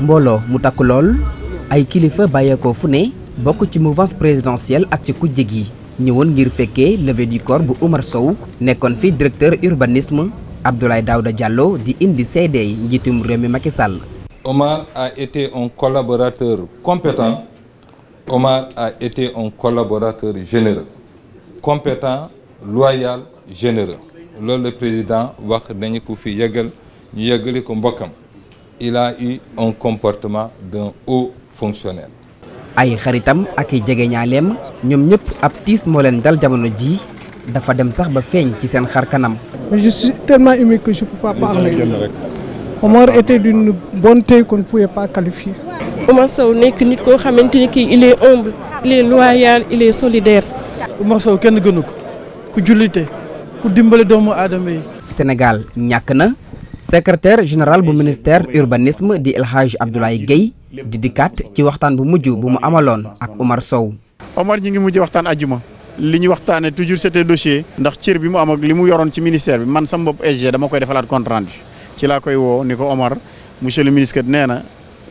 mbooloo mu takk lool ay kilifa bàyyeekoo fu ne bokk ci mouvance présidentielle ak ci kujje gi ñëwoon ngir fekkee levée du corps bu Oumar Sow nekkoon fi directeur urbanisme Abdoulaye dawda jàlloo di indi seede yi njiitum réew mi Macky Sall. Omar a été un collaborateur compétent Omar a été un collaborateur généreux compétent loyal généreux loolu le président wax nañu ko fi yëgal ñu yëgali ko mbokkam il a eu un comportement d'un haut fonctionnaire. ay xaritam ak i jegeñaaleem ñoom ñëpp ab tiis moo leen dal jamono ji dafa dem sax ba feeñ ci seen xar kanam. je suis tellement ému que je peux pas qualifier. Omar Sow nekk nit koo xamante ni kii il est humble il est loyal il est solidaire. Omar Sow kenn gënu ko ku jullite. ku dimbale doomu aadama yi. Sénégal ñàkk na secrétaire général bu ministère urbanisme di El Hadj Abdoulaye Guèye di dikkaat ci waxtaan bu mujj bu mu amaloon ak Omar Sow. Omar ñi ngi mujj waxtaan ajjuma li ñu waxtaanee toujours c'était dossier. ndax cër bi mu am ak li mu yoroon ci ministère bi man sama bopp SG dama koy defalaat compte rendu ci laa koy woo ni ko Omar monsieur le ministre nee na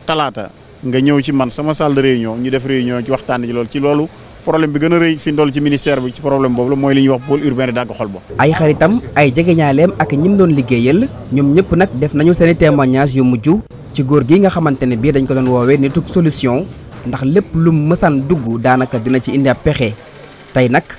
talaata nga ñëw ci man sama salle de réunion ñu def réunion ci waxtaan ji loolu ci loolu. problème bi gën a rëy fi ñu toll ci ministère bi ci problème boobu la mooy li ñuy wax pôle urbain de Daga Kholba. ay xaritam ay jegeñaaleem ak ñim doon liggéeyal ñoom ñëpp nag def nañu seen i témoignage yu mujj ci góor gi nga xamante ne bii dañ ko doon woowee nituk solution ndax lépp lu mësaan dugg daanaka dina ci indi ab pexe tey nag